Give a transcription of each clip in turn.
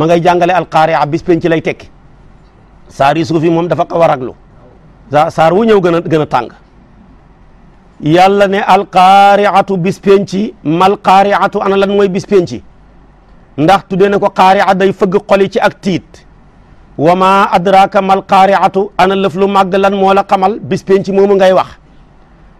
ma ngay jàngale alqaaria bis penc ci lay tekki saar yi moom dafa xaw a raglu saar wu ñëw gën a gën a tàng yàlla ne alqaariatu bis penc ci mal qaariatu ana lan mooy bis penc ci ndax tuddee na ko qaaria day fëgg xoli ci ak tiit wa ma adraka mal qaariatu ana lëf lu màgg lan moo la xamal bis penc ci moomu ngay wax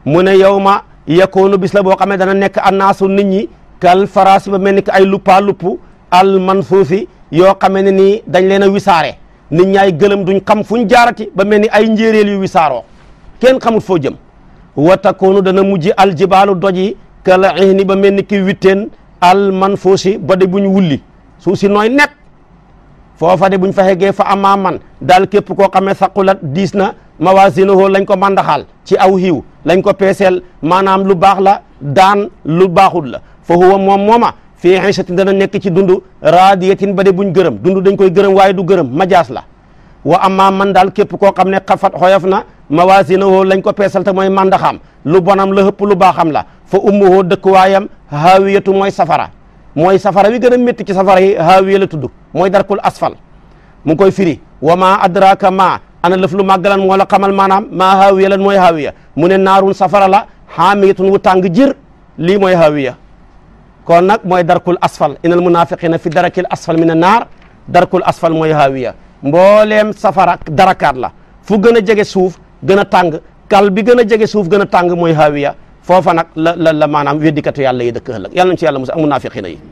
mu ne yow ma yakoonu bis la boo xamee dana nekk annaasu nit ñi kal faraas ba mel ni que ay luppa lupp al manfuusi yoo xamee ni nii dañ leen a wisaare nit ñaay gëlëm duñ xam fuñ jaarati ba mel ni ay njéeréel yu wisaaroo kenn xamul foo jëm wa takoonu dana mujj al doj yi kala ihni ba mel ni ki witteen al man foo si ba de buñ wulli suuf si nooy nekk foofa de buñ fa xegee fa amaa man daal képp koo xamee saqulat diis na mawaazinuhu lañ ko màndaxaal ci aw xiiw lañ ko peeseel maanaam lu baax la daan lu baaxul la fa huwa moom mooma fii iisatin dana nekk ci dund raadiyatin ba de buñ gërëm dundu dañ koy gërëm waaye du gërëm majaas la wa amma man daal képp koo xam ne xafat xoyof na mawaasinahu lañ ko peesal te mooy mandaxam lu bonam la hëpp lu baaxam la fa ummuhu dëkkuwaayam haawiyatu mooy safara mooy safara wi gën a métti ci safara yi haawiya la tudd mooy darkul asfal mu ngi koy firi wa ma adraka ma ana lëf lu màggalan moo la xamal maanaam maa haawiya lan mooy mu ne naarun safara la haamiyatun wu tàng lii mooy haawiya kon nag mooy darkul asfal inal munafiqina fi darakil asfal min an naar darkul asfal mooy haawiya mbooleem safara darakaat la fu gën a jege suuf gën a tàng kal bi gën a jege suuf gën a tàng mooy haawiya foofa nag la la la maanaam weddikatu yàlla yi dëkk ëllëg yàlla nañ ci yàlla musa ak munafiqina yi